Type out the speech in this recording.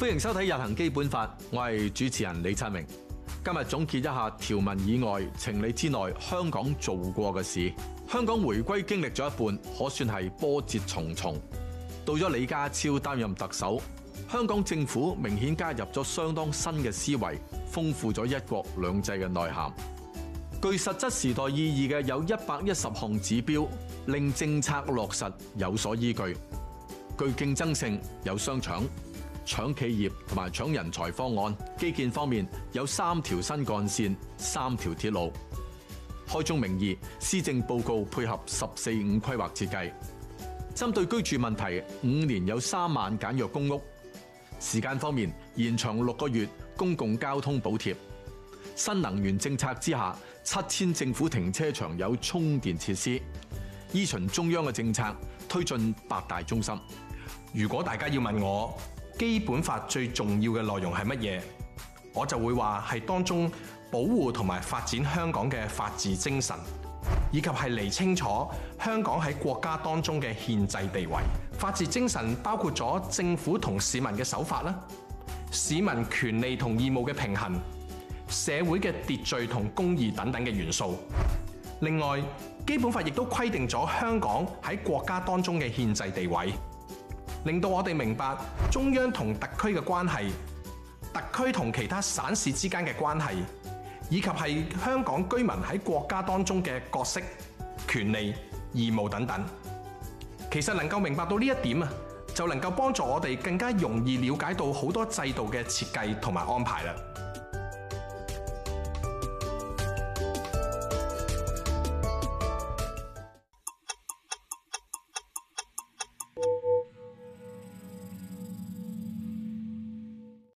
歡迎收睇《日行基本法》，我係主持人李燦明。今日總結一下條文以外，情理之內，香港做過嘅事。香港回歸經歷咗一半，可算係波折重重。到咗李家超擔任特首，香港政府明顯加入咗相當新嘅思維，豐富咗一國兩制嘅內涵。具實質時代意義嘅有一百一十項指標，令政策落實有所依據。具競爭性有商場。搶企業同埋搶人才方案，基建方面有三條新幹線、三條鐵路。開宗明義，施政報告配合十四五規劃設計，針對居住問題，五年有三萬簡約公屋。時間方面延長六個月，公共交通補貼。新能源政策之下，七千政府停車場有充電設施。依循中央嘅政策，推進八大中心。如果大家要問我。基本法最重要嘅內容係乜嘢？我就會話係當中保護同埋發展香港嘅法治精神，以及係釐清楚香港喺國家當中嘅憲制地位。法治精神包括咗政府同市民嘅守法啦，市民權利同義務嘅平衡，社會嘅秩序同公義等等嘅元素。另外，基本法亦都規定咗香港喺國家當中嘅憲制地位。令到我哋明白中央同特區嘅關係，特區同其他省市之間嘅關係，以及係香港居民喺國家當中嘅角色、權利、義務等等。其實能夠明白到呢一點啊，就能夠幫助我哋更加容易了解到好多制度嘅設計同埋安排啦。